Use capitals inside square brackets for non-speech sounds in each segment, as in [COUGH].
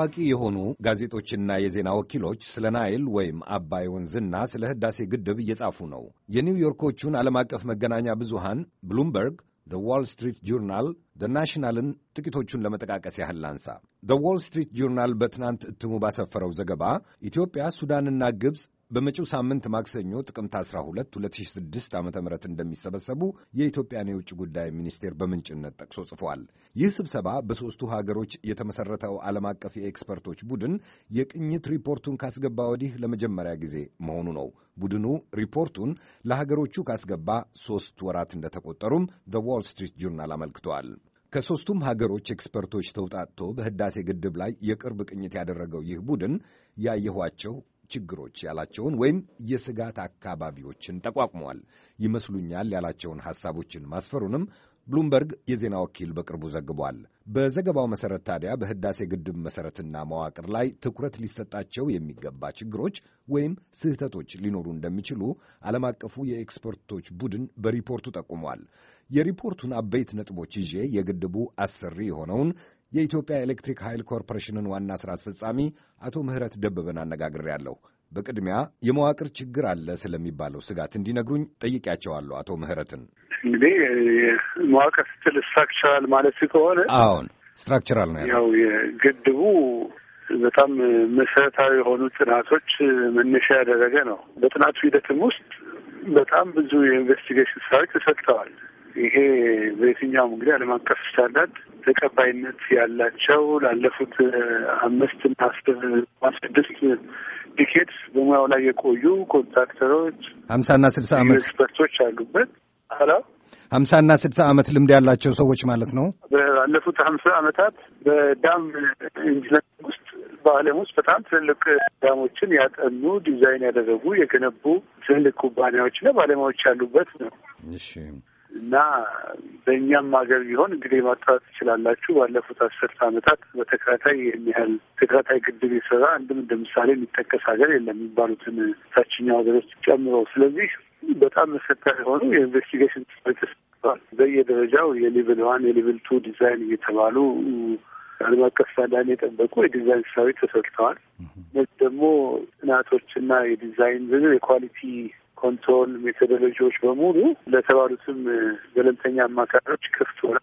ታዋቂ የሆኑ ጋዜጦችና የዜና ወኪሎች ስለ ናይል ወይም አባይ ወንዝና ስለ ህዳሴ ግድብ እየጻፉ ነው። የኒውዮርኮቹን ዓለም አቀፍ መገናኛ ብዙሃን ብሉምበርግ፣ ዘ ዋል ስትሪት ጆርናል፣ ዘ ናሽናልን ጥቂቶቹን ለመጠቃቀስ ያህል ላንሳ። ዘ ዋል ስትሪት ጆርናል በትናንት እትሙ ባሰፈረው ዘገባ ኢትዮጵያ፣ ሱዳንና ግብፅ በመጪው ሳምንት ማክሰኞ ጥቅምት 12 2006 ዓ ም እንደሚሰበሰቡ የኢትዮጵያን የውጭ ጉዳይ ሚኒስቴር በምንጭነት ጠቅሶ ጽፏል። ይህ ስብሰባ በሦስቱ ሀገሮች የተመሠረተው ዓለም አቀፍ የኤክስፐርቶች ቡድን የቅኝት ሪፖርቱን ካስገባ ወዲህ ለመጀመሪያ ጊዜ መሆኑ ነው። ቡድኑ ሪፖርቱን ለሀገሮቹ ካስገባ ሦስት ወራት እንደተቆጠሩም ዘ ዋል ስትሪት ጆርናል አመልክተዋል። ከሦስቱም ሀገሮች ኤክስፐርቶች ተውጣጥቶ በህዳሴ ግድብ ላይ የቅርብ ቅኝት ያደረገው ይህ ቡድን ያየኋቸው ችግሮች ያላቸውን ወይም የስጋት አካባቢዎችን ጠቋቁመዋል ይመስሉኛል ያላቸውን ሐሳቦችን ማስፈሩንም ብሉምበርግ የዜና ወኪል በቅርቡ ዘግቧል። በዘገባው መሠረት ታዲያ በህዳሴ ግድብ መሠረትና መዋቅር ላይ ትኩረት ሊሰጣቸው የሚገባ ችግሮች ወይም ስህተቶች ሊኖሩ እንደሚችሉ ዓለም አቀፉ የኤክስፐርቶች ቡድን በሪፖርቱ ጠቁሟል። የሪፖርቱን አበይት ነጥቦች ይዤ የግድቡ አሰሪ የሆነውን የኢትዮጵያ ኤሌክትሪክ ኃይል ኮርፖሬሽንን ዋና ሥራ አስፈጻሚ አቶ ምህረት ደበበን አነጋግሬያለሁ። በቅድሚያ የመዋቅር ችግር አለ ስለሚባለው ስጋት እንዲነግሩኝ ጠይቄያቸዋለሁ አቶ ምህረትን። እንግዲህ መዋቅር ስትል ስትራክቸራል ማለት ከሆነ አሁን ስትራክቸራል ነው ያው የግድቡ በጣም መሰረታዊ የሆኑ ጥናቶች መነሻ ያደረገ ነው። በጥናቱ ሂደትም ውስጥ በጣም ብዙ የኢንቨስቲጌሽን ስራዎች ተሰጥተዋል። ይሄ በየትኛውም እንግዲህ ዓለም አቀፍ ስታንዳርድ ተቀባይነት ያላቸው ላለፉት አምስት እና ስድስት ዲኬት በሙያው ላይ የቆዩ ኮንትራክተሮች ሀምሳና ስድሳ ዓመት ኤክስፐርቶች አሉበት። አላ ሀምሳና ስድሳ ዓመት ልምድ ያላቸው ሰዎች ማለት ነው። ባለፉት ሀምሳ ዓመታት በዳም ኢንጂነሪንግ ውስጥ በዓለም ውስጥ በጣም ትልልቅ ዳሞችን ያጠኑ ዲዛይን ያደረጉ የገነቡ ትልልቅ ኩባንያዎችና ባለሙያዎች ያሉበት ነው እና በእኛም ሀገር ቢሆን እንግዲህ ማጣራት ትችላላችሁ። ባለፉት አስርት ዓመታት በተከታታይ ይህን ያህል ተከታታይ ግድብ የሰራ አንድም እንደ ምሳሌ የሚጠቀስ ሀገር የለም የሚባሉትን ታችኛው ሀገሮች ጨምሮ። ስለዚህ በጣም መሰታ የሆኑ የኢንቨስቲጌሽን ተሰጥተዋል። በየደረጃው የሌቭል ዋን የሌቭል ቱ ዲዛይን እየተባሉ ዓለም አቀፍ ስታንዳርድ የጠበቁ የዲዛይን ስራዎች ተሰርተዋል። እነዚህ ደግሞ ጥናቶችና የዲዛይን ብዙ የኳሊቲ ኮንትሮል ሜቶዶሎጂዎች በሙሉ ለተባሉትም ገለልተኛ አማካሪዎች ክፍት ሆነ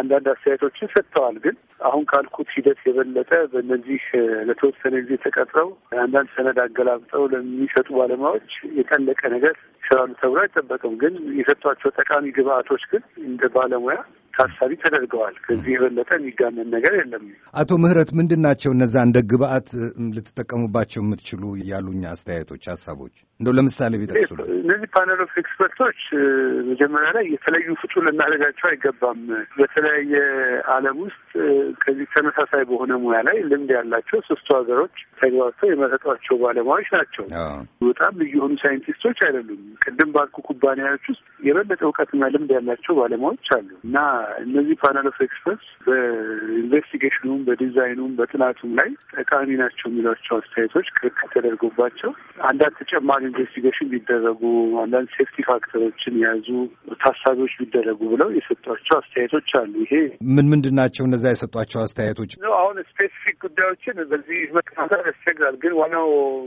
አንዳንድ አስተያየቶችን ሰጥተዋል። ግን አሁን ካልኩት ሂደት የበለጠ በእነዚህ ለተወሰነ ጊዜ ተቀጥረው አንዳንድ ሰነድ አገላብጠው ለሚሰጡ ባለሙያዎች የጠለቀ ነገር ይሰራሉ ተብሎ አይጠበቅም። ግን የሰጧቸው ጠቃሚ ግብአቶች ግን እንደ ባለሙያ ታሳቢ ተደርገዋል። ከዚህ የበለጠ የሚጋመን ነገር የለም። አቶ ምህረት ምንድን ናቸው እነዛ እንደ ግብአት ልትጠቀሙባቸው የምትችሉ ያሉኝ አስተያየቶች፣ ሀሳቦች እንደው ለምሳሌ ቢጠቅሱ። እነዚህ ፓነል ኦፍ ኤክስፐርቶች መጀመሪያ ላይ የተለዩ ፍጡር ልናደርጋቸው አይገባም። በተለያየ ዓለም ውስጥ ከዚህ ተመሳሳይ በሆነ ሙያ ላይ ልምድ ያላቸው ሶስቱ ሀገሮች ተግባብተው የመረጧቸው ባለሙያዎች ናቸው። በጣም ልዩ የሆኑ ሳይንቲስቶች አይደሉም። ቅድም ባልኩ ኩባንያዎች ውስጥ የበለጠ እውቀትና ልምድ ያላቸው ባለሙያዎች አሉ እና እነዚህ ፓናል ኦፍ ኤክስፐርትስ በኢንቨስቲጌሽኑም፣ በዲዛይኑም፣ በጥናቱም ላይ ጠቃሚ ናቸው የሚሏቸው አስተያየቶች ክርክር ተደርጎባቸው አንዳንድ ተጨማሪ ኢንቨስቲጌሽን ቢደረጉ፣ አንዳንድ ሴፍቲ ፋክተሮችን የያዙ ታሳቢዎች ቢደረጉ ብለው የሰጧቸው አስተያየቶች አሉ። ይሄ ምን ምንድን ናቸው እነዛ የሰጧቸው አስተያየቶች? አሁን ስፔሲፊክ ጉዳዮችን በዚህ መከታተል ያስቸግራል። ግን ዋናው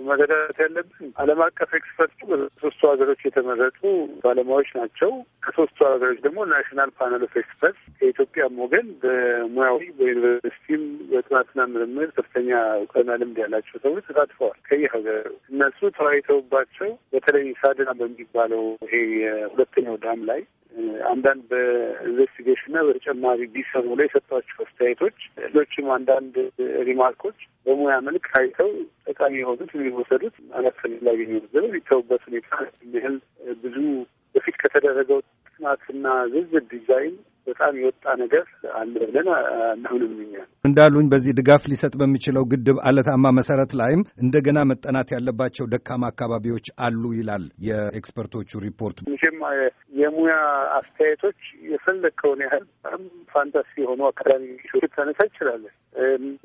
መረዳት ያለብን ዓለም አቀፍ ኤክስፐርቱ በሶስቱ ሀገሮች የተመረጡ ባለሙያዎች ናቸው። ከሶስቱ ሀገሮች ደግሞ ናሽናል ፓነል ኦፍ ኤክስፐርት ከኢትዮጵያም ወገን በሙያዊ በዩኒቨርሲቲም በጥናትና ምርምር ከፍተኛ እውቀትና ልምድ ያላቸው ሰዎች ተሳትፈዋል። ከየሀገሩ እነሱ ተወያይተውባቸው በተለይ ሳድና በሚባለው ይሄ የሁለተኛው ዳም ላይ አንዳንድ በኢንቨስቲጌሽን እና በተጨማሪ ቢሰሙ ላይ የሰጧቸው አስተያየቶች፣ ሌሎችም አንዳንድ ሪማርኮች በሙያ መልክ ታይተው ጠቃሚ የሆኑት የሚወሰዱት አላስፈላጊ ላገኘ ዘበብ ይተውበት ሁኔታ ያህል ብዙ በፊት ከተደረገው ጥናትና ዝርዝር ዲዛይን በጣም የወጣ ነገር አለ ብለን አናሁንም። እኛ እንዳሉኝ በዚህ ድጋፍ ሊሰጥ በሚችለው ግድብ አለታማ መሰረት ላይም እንደገና መጠናት ያለባቸው ደካማ አካባቢዎች አሉ ይላል የኤክስፐርቶቹ ሪፖርት። መቼም የሙያ አስተያየቶች የፈለግከውን ያህል በጣም ፋንታሲ የሆኑ አካዳሚ ታነሳ ይችላለን።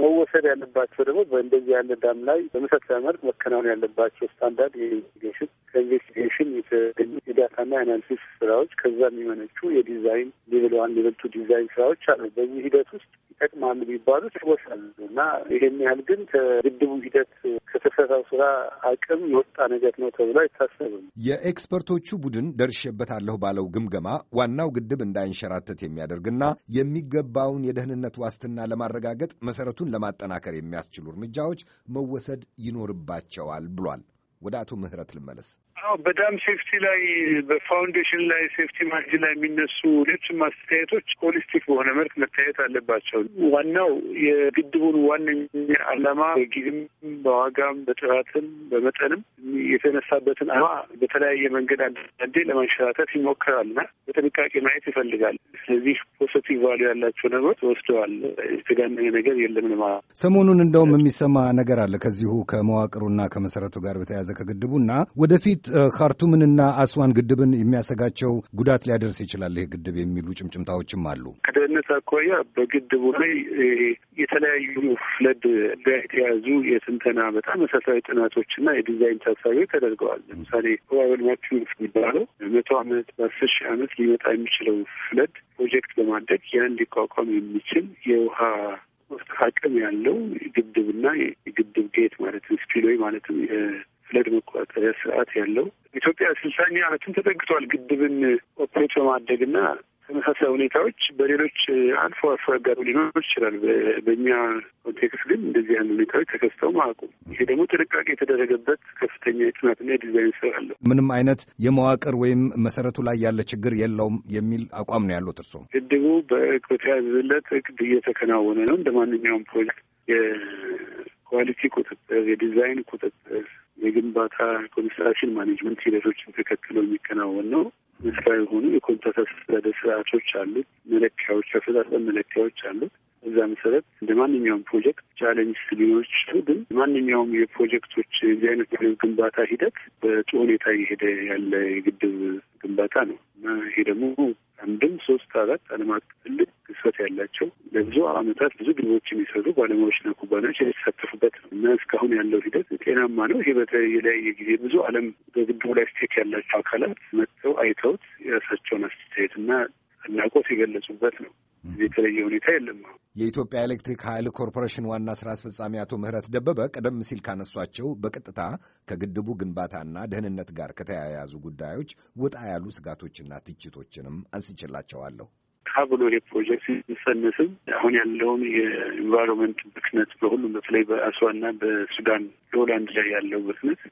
መወሰድ ያለባቸው ደግሞ በእንደዚህ ያለ ዳም ላይ በመሰረተ መልክ መከናወን ያለባቸው ስታንዳርድ የኢንቨስቲጌሽን ከኢንቨስቲጌሽን የተገኙ የዳታና የአናሊሲስ ስራዎች ከዛ የሚመነጩ የዲዛይን ሌቭል ዋን አንዳንድ የመጡ ዲዛይን ስራዎች አሉ። በዚህ ሂደት ውስጥ ይጠቅማሉ ቢባሉ ይወሳሉ እና ይሄን ያህል ግን ከግድቡ ሂደት ከተሰራው ስራ አቅም የወጣ ነገር ነው ተብሎ አይታሰብም። የኤክስፐርቶቹ ቡድን ደርሼበታለሁ ባለው ግምገማ ዋናው ግድብ እንዳይንሸራተት የሚያደርግና የሚገባውን የደህንነት ዋስትና ለማረጋገጥ መሰረቱን ለማጠናከር የሚያስችሉ እርምጃዎች መወሰድ ይኖርባቸዋል ብሏል። ወደ አቶ ምህረት ልመለስ። አዎ በዳም ሴፍቲ ላይ በፋውንዴሽን ላይ ሴፍቲ ማርጅን ላይ የሚነሱ ሌሎችም አስተያየቶች ሆሊስቲክ በሆነ መልክ መታየት አለባቸው። ዋናው የግድቡን ዋነኛ ዓላማ በጊዜም በዋጋም በጥራትም በመጠንም የተነሳበትን አማ በተለያየ መንገድ አንዳንዴ ለማንሸራተት ይሞክራልና በጥንቃቄ ማየት ይፈልጋል። ስለዚህ ፖዘቲቭ ቫሉ ያላቸው ነገሮች ወስደዋል የተጋነነ ነገር የለም ልማ ሰሞኑን እንደውም የሚሰማ ነገር አለ ከዚሁ ከመዋቅሩና ከመሰረቱ ጋር በተያያዘ ከግድቡና ወደፊት ካርቱምንና አስዋን ግድብን የሚያሰጋቸው ጉዳት ሊያደርስ ይችላል ይህ ግድብ የሚሉ ጭምጭምታዎችም አሉ። ከደህንነት አኳያ በግድቡ ላይ የተለያዩ ፍለድ ጋር የተያዙ የትንተና በጣም መሰረታዊ ጥናቶችና የዲዛይን ታሳቢዎች ተደርገዋል። ለምሳሌ ፕሮባብል ማክሲመም የሚባለው መቶ አመት በአስር ሺህ አመት ሊመጣ የሚችለው ፍለድ ፕሮጀክት በማድረግ ያን ሊቋቋም የሚችል የውሃ አቅም ያለው ግድብና የግድብ ጌት ማለትም ስፒልዌይ ማለትም ፍለድ መቆጣጠሪያ ስርዓት ያለው ኢትዮጵያ ስልሳኛ ዓመትን ተጠግቷል። ግድብን ኦፕሬት በማድረግና ተመሳሳይ ሁኔታዎች በሌሎች አልፎ አልፎ ያጋሩ ሊኖር ይችላል። በእኛ ኮንቴክስት ግን እንደዚህ ያሉ ሁኔታዎች ተከስተው አያውቁም። ይሄ ደግሞ ጥንቃቄ የተደረገበት ከፍተኛ የጥናትና የዲዛይን ስራ አለው። ምንም አይነት የመዋቅር ወይም መሰረቱ ላይ ያለ ችግር የለውም የሚል አቋም ነው ያሉት እርስዎ። ግድቡ በተያዘለት እቅድ እየተከናወነ ነው። እንደ ማንኛውም ፕሮጀክት የኳሊቲ ቁጥጥር፣ የዲዛይን ቁጥጥር የግንባታ ኮንስትራክሽን ማኔጅመንት ሂደቶችን ተከትሎ የሚከናወን ነው። መስፋ የሆኑ የኮንትራት አስተዳደር ስርዓቶች አሉት፣ መለኪያዎች፣ አፈጻጸም መለኪያዎች አሉት። እዛ መሰረት እንደ ማንኛውም ፕሮጀክት ቻሌንጅ ሊኖች ግን ማንኛውም የፕሮጀክቶች እዚህ አይነት ግንባታ ሂደት በጥሩ ሁኔታ እየሄደ ያለ የግድብ ግንባታ ነው እና ይሄ ደግሞ አንድም ሶስት አራት ዓለም አቀፍ ትልቅ ግዝፈት ያላቸው ለብዙ ዓመታት ብዙ ግንቦች የሚሰሩ ባለሙያዎችና ኩባንያዎች የተሳተፉበት ነው እና እስካሁን ያለው ሂደት ጤናማ ነው። ይሄ በተለያየ ጊዜ ብዙ ዓለም በግድቡ ላይ ስቴክ ያላቸው አካላት መጥተው አይተውት የራሳቸውን አስተያየት እና አድናቆት የገለጹበት ነው። የተለየ ሁኔታ የለም። የኢትዮጵያ ኤሌክትሪክ ኃይል ኮርፖሬሽን ዋና ስራ አስፈጻሚ አቶ ምህረት ደበበ ቀደም ሲል ካነሷቸው በቀጥታ ከግድቡ ግንባታና ደህንነት ጋር ከተያያዙ ጉዳዮች ወጣ ያሉ ስጋቶችና ትችቶችንም አንስችላቸዋለሁ። ካ ብሎ ይሄ ፕሮጀክት ሲጸንስም አሁን ያለውን የኤንቫይሮንመንት ብክነት በሁሉም በተለይ በአስዋና በሱዳን ሎላንድ ላይ ያለው ብክነት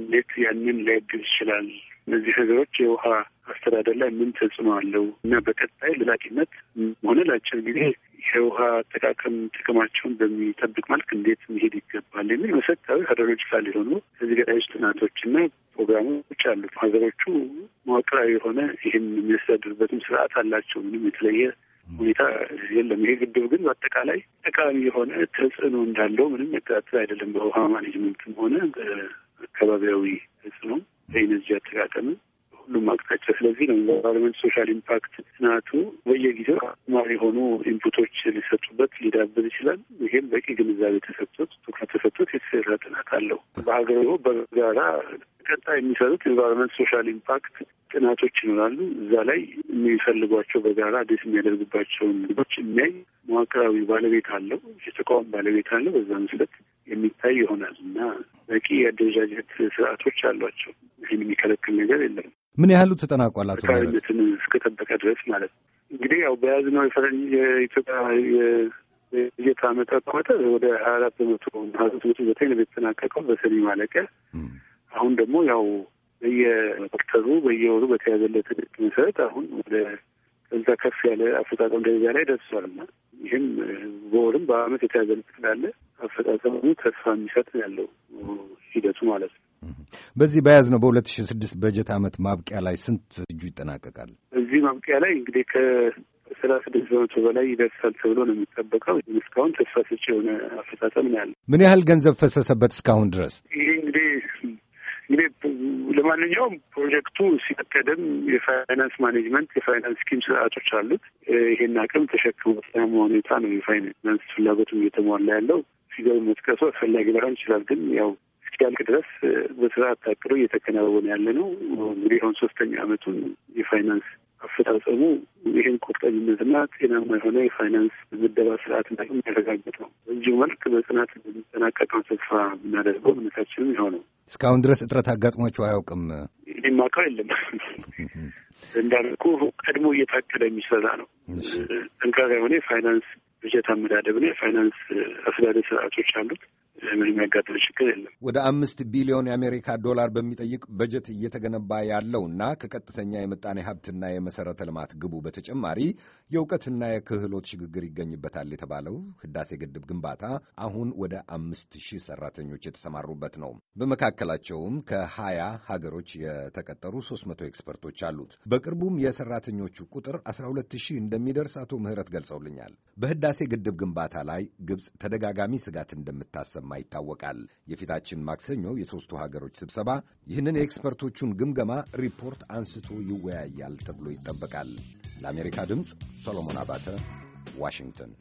እንዴት ያንን ሊያግዝ ይችላል እነዚህ ነገሮች የውሃ አስተዳደር ላይ ምን ተጽዕኖ አለው እና በቀጣይ ለላቂነት ሆነ ለአጭር ጊዜ የውሃ አጠቃቀም ጥቅማቸውን በሚጠብቅ መልክ እንዴት መሄድ ይገባል የሚል መሰረታዊ ሃይድሮሎጂካል የሆኑ ከዚህ ገዳዊ ጥናቶች እና ፕሮግራሞች አሉት። ሀገሮቹ መዋቅራዊ የሆነ ይህን የሚያስተዳድርበትም ስርዓት አላቸው። ምንም የተለየ ሁኔታ የለም። ይሄ ግድብ ግን በአጠቃላይ ጠቃሚ የሆነ ተጽዕኖ እንዳለው ምንም መጠራጠር አይደለም። በውሃ ማኔጅመንትም ሆነ አካባቢያዊ ተጽዕኖ በኢነርጂ አጠቃቀምን ሁሉም አቅጣጫ። ስለዚህ ነው ኢንቫይሮንመንት ሶሻል ኢምፓክት ጥናቱ በየጊዜው ማር የሆኑ ኢንፑቶች ሊሰጡበት ሊዳብር ይችላል። ይሄም በቂ ግንዛቤ ተሰጥቶት ትኩረት ተሰጥቶት የተሰራ ጥናት አለው። በሀገር በጋራ ቀጣይ የሚሰሩት ኢንቫይሮንመንት ሶሻል ኢምፓክት ጥናቶች ይኖራሉ። እዛ ላይ የሚፈልጓቸው በጋራ አዲስ የሚያደርጉባቸውን ግቦች የሚያይ መዋቅራዊ ባለቤት አለው፣ የተቃውም ባለቤት አለው። በዛ መሰረት የሚታይ ይሆናል እና በቂ የአደረጃጀት ስርዓቶች አሏቸው። ይህን የሚከለክል ነገር የለም። ምን ያህሉ ተጠናቋል? አቶ እስከጠበቀ ድረስ ማለት ነው። እንግዲህ ያው በያዝነው የፈረንጅ የኢትዮጵያ የጌታ ዓመት አቆጣጠር ወደ ሀያ አራት በመቶ ሀያ ሶስት ነጥብ ዘጠኝ ነው የተጠናቀቀው በሰኔ ማለቂያ አሁን ደግሞ ያው በየወቅተሩ በየወሩ በተያዘለት እቅድ መሰረት አሁን ወደ እዛ ከፍ ያለ አፈጻጸም ደረጃ ላይ ደርሷል እና ይህም በወርም በአመት የተያዘለት ስላለ አፈጻጸሙ ተስፋ የሚሰጥ ያለው ሂደቱ ማለት ነው። በዚህ በያዝ ነው በሁለት ሺ ስድስት በጀት አመት ማብቂያ ላይ ስንት እጁ ይጠናቀቃል? እዚህ ማብቂያ ላይ እንግዲህ ከስራ ስድስት በመቶ በላይ ይደርሳል ተብሎ ነው የሚጠበቀው። እስካሁን ተስፋ ሰጪ የሆነ አፈጻጸም ነው ያለው። ምን ያህል ገንዘብ ፈሰሰበት እስካሁን ድረስ? ይህ እንግዲህ ለማንኛውም ፕሮጀክቱ ሲቀደም የፋይናንስ ማኔጅመንት የፋይናንስ ስኪም ስርዓቶች አሉት። ይሄን አቅም ተሸክሞ በተለያየ ሁኔታ ነው የፋይናንስ ፍላጎትም እየተሟላ ያለው። ፊገር መጥቀሱ አስፈላጊ ላይሆን ይችላል፣ ግን ያው እስኪያልቅ ድረስ በስርዓት ታቅዶ እየተከናወነ ያለ ነው። እንግዲህ አሁን ሶስተኛ አመቱን የፋይናንስ አፈጻጸሙ ይህን ቁርጠኝነትና ጤናማ የሆነ የፋይናንስ ምደባ ስርዓት እንዳ የሚያረጋግጥ ነው። በዚሁ መልክ በጽናት የሚጠናቀቀው ተስፋ የምናደርገው እምነታችንም ነው። እስካሁን ድረስ እጥረት አጋጥሟቸው አያውቅም። እኔም አውቀው የለም [LAUGHS] እንዳልኩ ቀድሞ እየታቀደ የሚሰራ ነው። ጠንካራ የሆነ የፋይናንስ በጀት አመዳደብና የፋይናንስ አስተዳደር ስርዓቶች አሉት። ምንም ያጋጠመ ችግር የለም። ወደ አምስት ቢሊዮን የአሜሪካ ዶላር በሚጠይቅ በጀት እየተገነባ ያለው እና ከቀጥተኛ የምጣኔ ሀብትና የመሰረተ ልማት ግቡ በተጨማሪ የእውቀትና የክህሎት ሽግግር ይገኝበታል የተባለው ህዳሴ ግድብ ግንባታ አሁን ወደ አምስት ሺህ ሰራተኞች የተሰማሩበት ነው። በመካከላቸውም ከሀያ ሀገሮች የተቀጠሩ ሶስት መቶ ኤክስፐርቶች አሉት። በቅርቡም የሰራተኞቹ ቁጥር አስራ ሁለት ሺህ እንደሚደርስ አቶ ምህረት ገልጸውልኛል። በህዳሴ ግድብ ግንባታ ላይ ግብፅ ተደጋጋሚ ስጋት እንደምታሰማ እንደሚሰማ ይታወቃል። የፊታችን ማክሰኞ የሦስቱ ሀገሮች ስብሰባ ይህንን የኤክስፐርቶቹን ግምገማ ሪፖርት አንስቶ ይወያያል ተብሎ ይጠበቃል። ለአሜሪካ ድምፅ ሰሎሞን አባተ ዋሽንግተን